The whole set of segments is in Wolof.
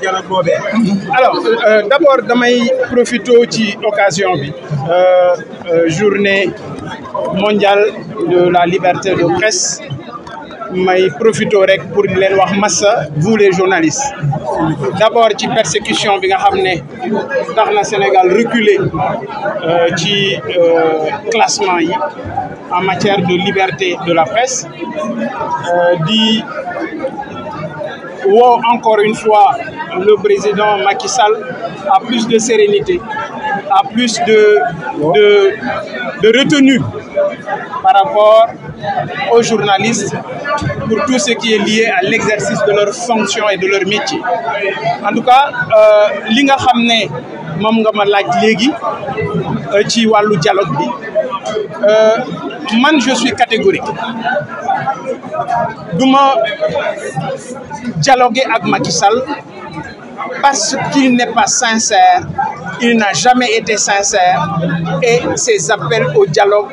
dialogue boobee. Euh, abord damay profito ci occasion bi euh, euh, journée mondiale de la liberté de presse may profito rek pour di leen wax massa vous les journalistes abord ci persécution bi nga xam ne tax na Sénégal reculer euh, ci classement yi. en matière de liberté de la presse di woo encore une fois le président Macky Sall à plus de sérénité, à plus de, de, de retenue par rapport aux journalistes pour tout ce qui est lié à l'exercice de leur fonction et de leur métier. En tout cas, euh, li nga xam ne moom nga ma laaj léegi euh, ci wàllu dialogue bi euh, man je suis catégorique duma dialoguer ak Macky Sall parce qu'il n'est pas sincère, il n'a jamais été sincère et ses appels au dialogue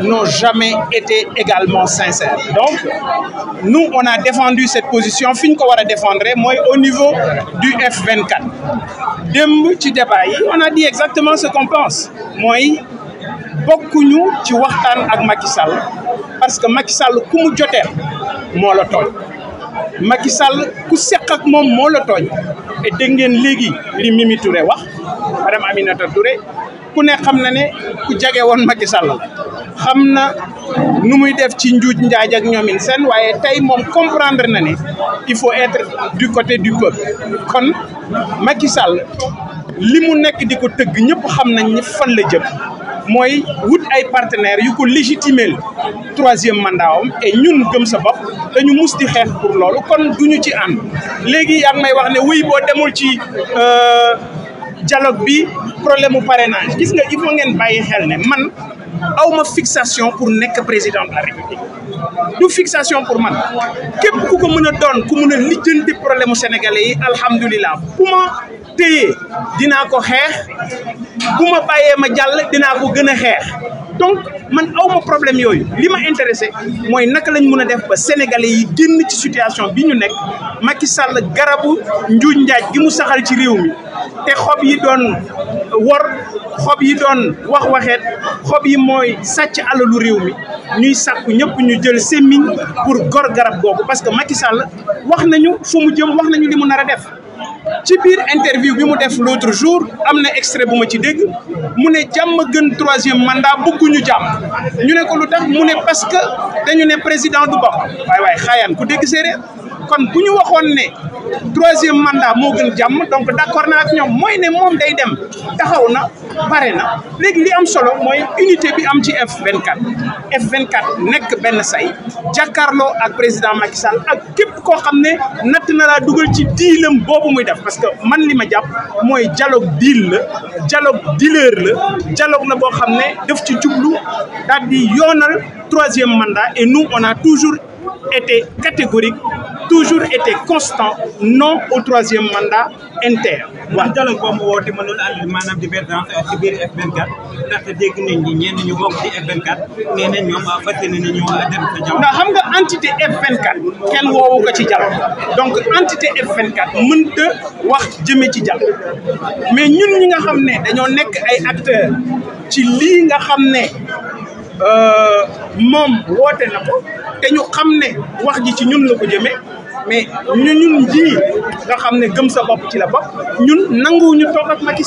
n'ont jamais été également sincères. Donc, nous, on a défendu cette position, fin qu'on va défendre, moi, au niveau du f Demb ci débat yi on a dit exactement ce qu'on pense mooy bokkuñu ci waxtaan ak Macky Sall parce que Macky Sall ku mu joteel moo la Sall ku seq ak moom moo et dégg ngeen léegi li Mimi Touré wax madame Aminata Touré ku ne xam na ne ku jege woon Macky Sall xam na nu muy def ci njuuj njaaj ak ñoomin seen waaye tey moom comprendre na ne il faut être du côté du peuple kon Macky Sall li mu nekk di ko tëgg ñëpp xam nañ ni fan la jëm mooy wut ay partenaires yu ko légitimel troisième mandat am et ñun gëm sa bopp dañu mus di xeex pour loolu kon du ñu ci ànd léegi yaa may wax ne wuy boo demul ci euh, dialogue bi problème mu parrainage gis nga il faut ngeen bàyyi xel ne man awma fixation pour nekk président de la république du fixation pour man képp ku ko mën a doon ku mën a lijjanti problème mu sénégalais yi alhamdulilah bu téye dinaa ko xeex bu ma bàyyee ma jàll dinaa ko gën a xeex donc man awma problème yooyu li ma intéressé mooy naka lañ mun a def ba sénégalais yi génn ci situation bi ñu nekk Macky Sall garabu njuuj njaaj gi mu saxal ci réew mi te xob yi doon wor xob yi doon wax waxeet xob yi mooy sàcc alalu réew mi ñuy sàkku ñëpp ñu jël semmiñ pour gor garab googu parce que Macky Sall wax nañu fu mu jëm wax nañu li mu nar a def ci biir interview bi mu def l'autre jour am na extrait bu ma ci dégg mu ne jàmm gën troisième mandat bëgguñu jàmm ñu ne ko lu tax mu ne parce que dañu ne président du bokk waay waay xaayaan ku dégg séeréer kon bu ñu waxoon ne troisième mandat moo gën jàmm donc d' accord naa ak ñoom mooy ne moom day dem taxaw na pare na léegi li am solo mooy unité bi am ci F24 F24 nekk benn say jàkkaarloo ak président Macky Sall ak képp koo xam ne natt na laa dugal ci diilam boobu muy def parce que man li ma jàpp mooy dialogue deal la dialogue dealer la dialogue na boo xam ne daf ci jublu daal di yoonal troisième mandat et nous on toujours été catégorique toujours été constant no au troisième mandat inter. waaw dialogue boobu mu woote mënul ànd maanaam divergence ci biir F24 ndaxte dégg nañ ni ñenn ñu bokk ci F24 nee nañ ñoom fas yéene na ñoo dem ci dialogue. ndax xam nga entité F24 kenn woowu ko ci dialogue donc entité F24 mënta wax jëmee ci dialogue mais ñun ñi nga xam ne dañoo nekk ay acteurs ci lii nga xam ne. Euh, moom woote na ko te ñu xam ne wax ji ci ñun la ko jëmee mais ñu ñun ji nga xam ne gëm sa bopp ci la bopp ñun nanguwu ñu toog ak Macky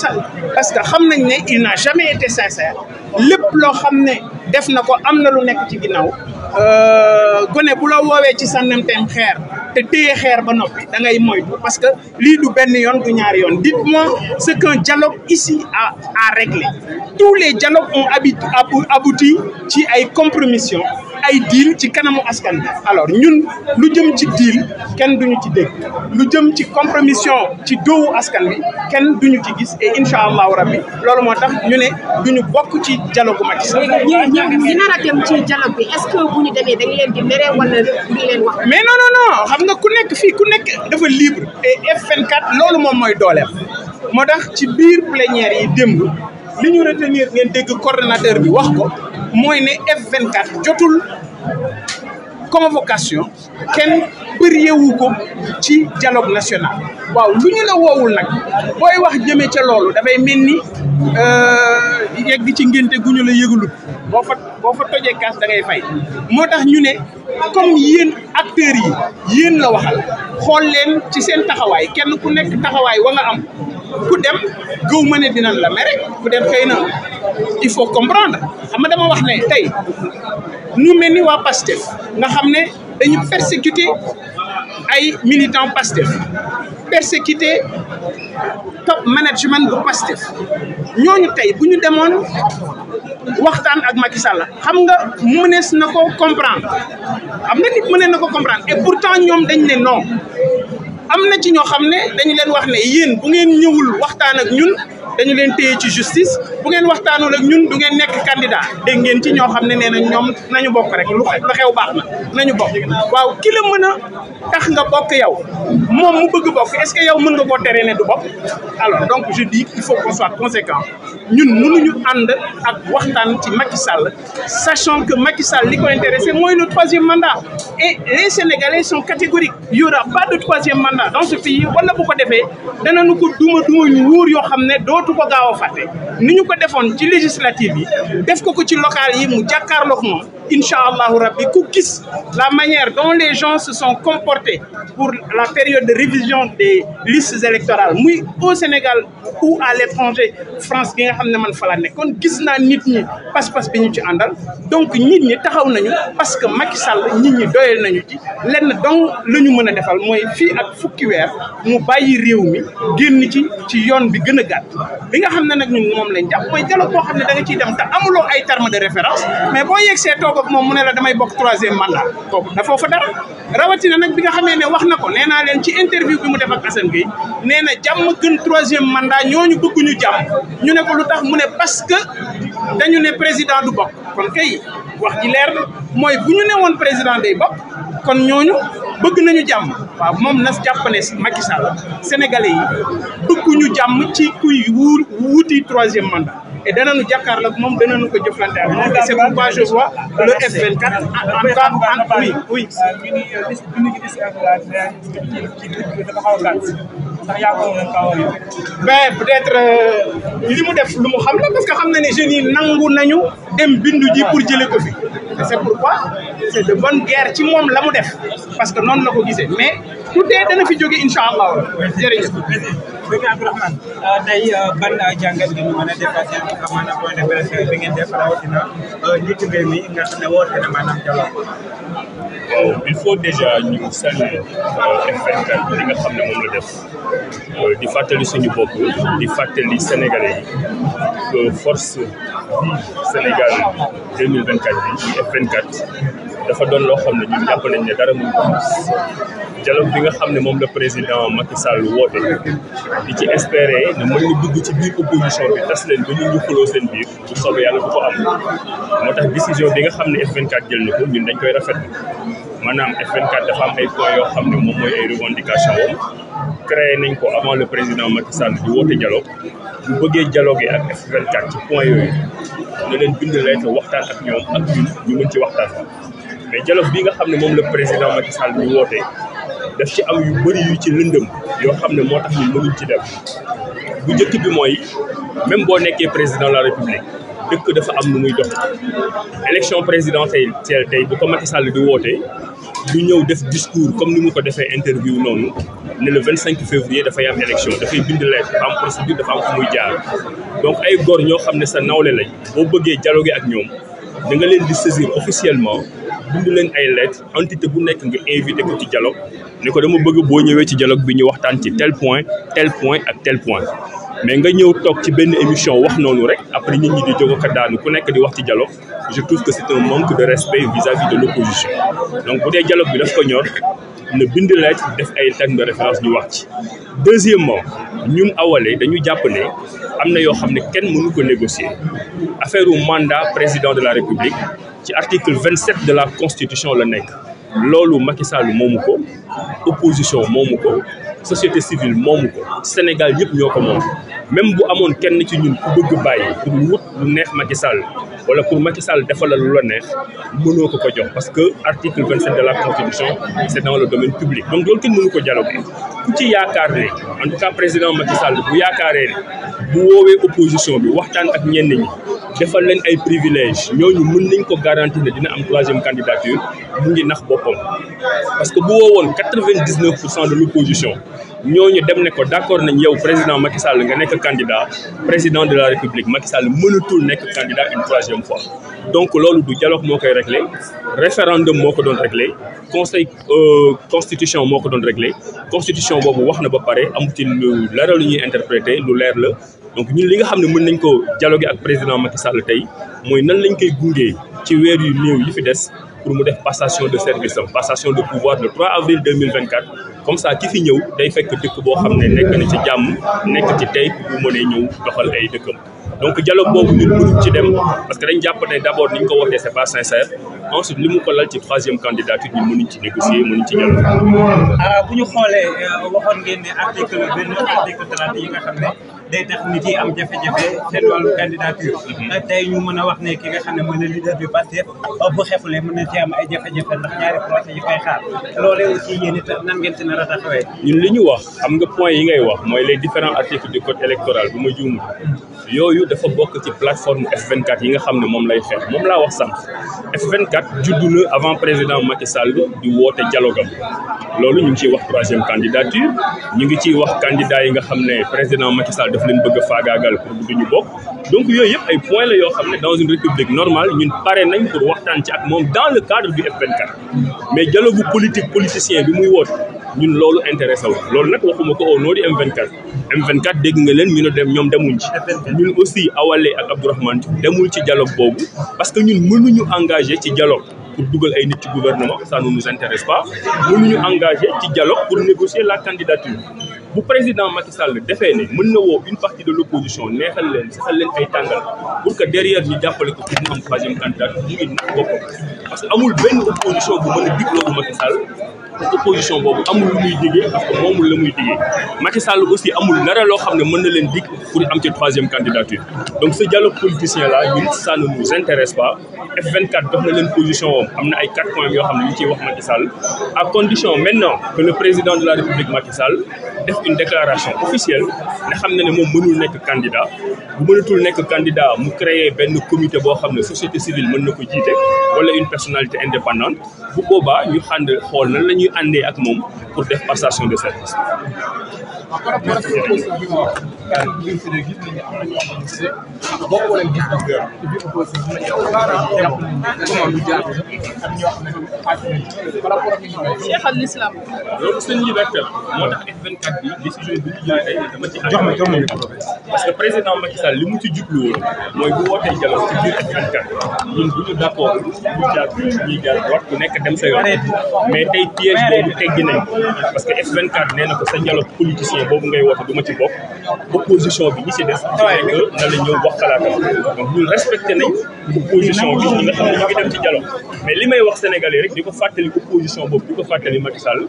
parce que xam nañ ne il n'a jamais été sincère lépp loo xam ne def na ko am na lu nekk ci ginnaaw Euh, gone bu la woowee ci sànnanteem xeer te téye xeer ba noppi da ngay moytu parce que lii du benn yoon du ñaari yoon dites-moi ce que dialogue ici a à régler tous les dialogues ont abouti ci ay compromissions ay deal ci kanamu askan bi alors ñun lu jëm ci deal kenn duñu ci dégg lu jëm ci compromission ci doowu askan bi kenn duñu ci gis et incha allahu rabbi loolu moo tax ñu ne duñu bokk ci dialogue Macky Sall. léegi ñoom ñi nar a dem ci dialogue bi est-ce bu ñu demee dañ leen di mere wala duñ leen wax. mais non non non xam nga ku nekk fii ku nekk dafa libre et f loolu moom mooy dooleem moo tax ci biir plénière yi démb li ñu retenir ngeen dégg coordonnateur bi wax ko. mooy ne F24 jotul convocation kenn bëriyewu ko ci dialogue national waaw lu ñu la woowul nag booy wax jëmee ca loolu dafay mel ni euh, yegg ci ngénte gu ñu la yëgalut boo fa boo fa tojee kaas da ngay fay moo tax ñu ne comme yéen acteurs yi yéen la waxal xool leen ci seen taxawaay kenn ku nekk taxawaay wa nga am ku dem gëw ma ne dina la mere ku dem xëy na il faut comprendre xam nga dama wax ne tey ñu mel ni waa PASTEF nga xam ne dañu persécuter ay militants PASTEF persécuter top management bu PASTEF ñooñu tey bu ñu demoon waxtaan ak Macky Sall xam nga mënees na ko comprendre am na nit mënees na ko comprendre et pourtant ñoom dañ ne non am na ci ñoo xam ne dañu leen wax ne yéen bu ngeen ñëwul waxtaan ak ñun dañu leen téye ci justice bu ngeen waxtaanul ak ñun du ngeen nekk candidat dégg ngeen ci ñoo xam ne nee na ñoom nañu bokk rek lu xew baax na nañu bokk waaw ki la mën a tax nga bokk yow moom mu bëgg bokk est-ce que yow mën nga koo tere ne du bokk alors donc je dis il faut qu'on soit conséquent ñun mënuñu ànd ak waxtaan ci Macky sàll sachant que Macky Sall li ko intéressé mooy le troisième mandat e les Sénégalais sont catégoriques il y aura pas de troisième mandat dans ce pays wala bu ko defee danañu ko duma duma yu wóor yoo xam ne dootu ko gaaw a fàtte ni ñu ko defoon ci législative yi def ko ko ci local yi mu jàkkaarloog moom incha allahu rabbi ku gis la manière dont les gens se sont comportés pour la période de révision des listes électorales muy au Sénégal ou à l'étranger France bi nga xam ne man fa la nekkoon gis naa nit ñi pas-pas bi ñu ci àndal donc nit ñi taxaw nañu parce que Macky Sall nit ñi doyal nañu ci lenn donc la ñu mën a defal mooy fii ak fukki weer mu bàyyi réew mi génn ci ci yoon bi gën a gàtt li nga xam ne nag ñun moom lañ jàpp mooy dialogue boo xam ne da ciy dem te amuloo ay termes de référence toogoog moom mu ne la damay bokk troisième mandat kooku dafoo fa dara rawatina nag bi nga xamee ne wax na ko nee naa leen ci interview bi mu def ak Assane Gueye nee na jàmm gën troisième mandat ñooñu bëgguñu jàmm ñu ne ko lu tax mu ne parce que dañu ne président du bokk kon kay wax ji leer na mooy bu ñu ne woon président day bokk kon ñooñu bëgg nañu jàmm waaw moom na jàpp ne Macky Sall sénégalais yi bëgguñu jàmm ci kuy wuti troisième mandat et danañu jàkkaarloo ak moom danañu ko jëflante ak moom c'est pourquoi je vois le F24 en cas oui oui. mais peut-être euh, li mu def lu mu xam la parce que xam na ne jeunes yi nangu nañu dem bindu ji pour jëlee ko fi c'est pourquoi c'est de bonne guerre ci moom la mu def parce que noonu la ko gisee mais. su dee dana fi jóge incha allah euh, euh, ban euh, jàngat bi ñu mën a defaatee maanaam point de presse bi def rawatina njiitu réew mi nga xam ne woote na maanaam dialogue. waaw il faut déjà ñu saluer F24 li nga xam ne moom la def di fàttali suñu bopp di fàttali Sénégalais yi que force vive Sénégal 2024 bi F24. dafa doon loo xam ne ñun jàpp nañ dara mun ko dialogue bi nga xam ne moom la président Macky Sall woote di ci espérer na mën na dugg ci biir opposition bi tas leen ba ñu ñu xuloo seen biir bu soobee yàlla du ko am moo tax décision bi nga xam ne F24 jël na ko ñun dañ koy rafetlu maanaam F24 dafa am ay points yoo xam ne moom mooy ay revendication wam créé nañ ko avant le président Macky Sall di woote dialogue bu bëggee dialogue ak F24 ci point yooyu ne leen waxtaan ak ñoom ak waxtaan mais dialogue bi nga xam ne moom la président Macky Sall di woote daf ci am yu bëri yu ci lëndëm yoo xam ne moo tax ñu mënuñ ci dem bu njëkk bi mooy même boo nekkee président la république dëkk dafa am nu muy dox élection présidentielle tey bu ko Macky Sall di woote du ñëw def discours comme ni mu ko defee interview noonu ne vingt cinq février dafay am élection dafay bind lettre dafa am procédure dafa am fu muy jaar donc ay gor ñoo xam ne sa nawle lañ boo bëggee gi ak ñoom da nga leen di saisir officiellement bind leen ay lettre entité bu nekk nga invité ko ci jaloo ni ko dama bëgg boo ñëwee ci dialogue bi ñu waxtaan ci tel point tel point ak tel point mais nga ñëw toog ci benn émission wax noonu rek après nit ñi di jóg ak daanu ku nekk di wax ci dialogue je trouve que c'est un manque de respect vis-à-vis de l'opposition donc bu dee dialogue bi daf ko ñor na bind lettre def ay termes de référence ñu wax ci deuxièmement ñun awale dañu jàpp ne am na yoo xam ne kenn mënu ko négocier affaire u mandat président de la république ci article vingt sept de la constitution la nekk loolu Macky moomu ko opposition moomu ko société civile moomu ko Sénégal yëpp ñoo ko moom même bu amoon kenn ci ñun ku bëgg bàyyi pour wut lu neex Macky Sall wala pour Macky Sall defal la lu la neex mënoo ko ko jox parce que article vingt sept de la constitution c' est dans le domaine public donc loolu kenn mënu ko dialoguer ku ci yaakaar bu yaakaaree bu woowee opposition bi waxtaan ak ñenn ñi defal leen ay privilège ñooñu mën nañ ko garantir ne dina am troisième candidature mu ngi nax boppam parce que bu woowoon quatre-vingt-dix-neuf pour cent de l'opposition ñoo ñooñu dem ne ko d'accord nañ yow président Macky Sall nga nekk candidat président de la République Macky Sall mënatul nekk candidat une troisième fois donc loolu du dialogue moo koy réglé référendum moo ko doon réglé conseil euh, constitution moo ko doon réglé constitution boobu wax na ba pare amu ci lu leer lu ñuy interprété lu leer la donc ñu li nga xam ne mën nañ ko dialogué ak président Macky Sall tey mooy nan lañ koy gungee ci weer yu néew yi fi des pour mu def passation de service am passation de pouvoir le 3 avril 2024 comme ça ki fi ñëw day fekk dëkk boo xam ne nekk na ci jàmm nekk ci tey bu mënee ñëw doxal ay dëkkam donc dialogue boobu ñun mënuñ ci dem parce que dañ jàpp ne d' abord ni ñu ko pas sincère ensuite li mu ko lal ci troisième candidature ñun mënuñ ci négocier mënuñ ci dialogue. Ah, bu ñu xoole euh, waxoon ngeen ne article benn article 30 yi nga xam ne. day tax nit yi am jafe-jafe seen wàllu candidature. Mhm. tey ñu mën a wax ne ki nga xam ne mooy le leader du Pastef euh, bu xefulee mën na ci am ay jafe-jafe ndax ñaari procès yi koy xaar loolee aussi yéen it nan ngeen ci nar a taxawee. ñun li ñu wax xam nga point yi ngay wax mooy les différents articles du code électoral bu ma juumul. Mhm. yooyu dafa bokk ci plateforme F24 yi nga xam ne moom lay xeex moom laa wax sànq F24 juddu na avant président Macky Sall di woote dialogue am loolu ñu ngi ciy wax troisième candidature ñu ngi ciy wax candidat yi nga xam ne président Macky Sall daf leen bëgg a faagaagal pour du ñu bokk donc yooyu yëpp ay points la yoo xam ne dans une république normal ñun pare nañ pour waxtaan ci ak moom dans le cadre du F24 mais dialogue politique politicien bi muy ñun loolu intéressé wu loolu nag waxuma ko au nom du M24 M24 dégg nga leen ñu ne dem ñoom demuñ ci ñun aussi Awalé ak Abdourahmane demul ci dialogue boobu parce que ñun mënuñu engagé ci dialogue pour dugal ay nit ci gouvernement ça ne nous intéresse pas mënuñu engagé ci dialogue pour négocier la candidature bu président Macky Sall defee ne mën na woo une partie de l' opposition neexal leen saxal leen ay tàngal pour que derrière ñu jàppale ko pour mu am troisième candidat ñu ngi nax boppam te opposition boobu amul lu muy diggee parce que moomul la muy diggee Macky aussi amul dara loo xam ne mën na leen dig pour am ci troisième candidature donc ce dialogue politicien là ñun ça ne nous intéresse f dox na leen position woom am na ay quatre points yoo xam ne ñu ciy wax Macky Sall à condition maintenant que le président de la République Macky Sall def une déclaration officielle ne xam na ne moom mënul nekk candidat bu mënatul nekk candidat mu créer benn comité boo xam ne société civile mën na ko jiite wala une personnalité indépendante bu boobaa ñu xànd xool ñuy àndee ak moom pour def passation de service waaw par rapport ak seen position bi nga wax gàllankoor bi ngeen séddee gis nañu am na ñoo xam ne bokkoo leen gis-gis te biir opposition loolu sëñ bi moo tax F24 bi décision bi ñu jëlee dama ci. jox mu ci jublu woon mooy bu wootee dialogue ci biir F24 ñun bu ñu d' accord ku nekk dem sa yoon mais tey piège boobu teggi nañ parce que F24 nee na ko sa dialogue association boobu ngay woote du ma ci bokk opposition bi ñi si des que na la ñëw wax bi ñi mais li may wax sénégalais rek di ko fàttali opposition boobu di ko fàttali Macky Sall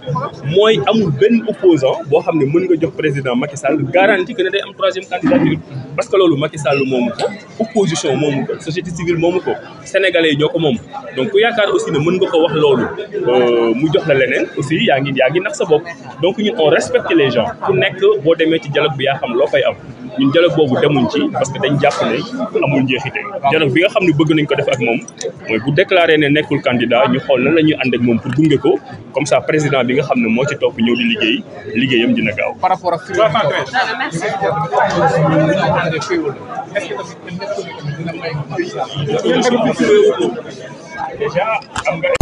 mooy amul benn opposant boo xam ne mën nga jox président Macky Sall garantie que ne day am troisième candidature parce que loolu Macky Sall moomu ko opposition moomu ko société civile moomu ko sénégalais yi ñoo ko moom donc yaakaar aussi ne mën nga ko wax loolu euh, mu jox la leneen aussi yaa ngi yaa ngi nax sa bopp donc ñun on respecte les gens nekk boo demee ci dialogue bi yaa xam loo fay am ñun dialogue boobu demuñ ci parce que dañ jàpp ne amul njeexite dialogue bi nga xam ne bëgg nañ ko def ak moom mooy bu déclaré ne nekkul candidat ñu xool nan la ñuy ànd ak moom pour gunge ko comme ça président bi nga xam ne moo ci topp ñëw di liggéey liggéeyam dina gaaw. par rapport ak déjà am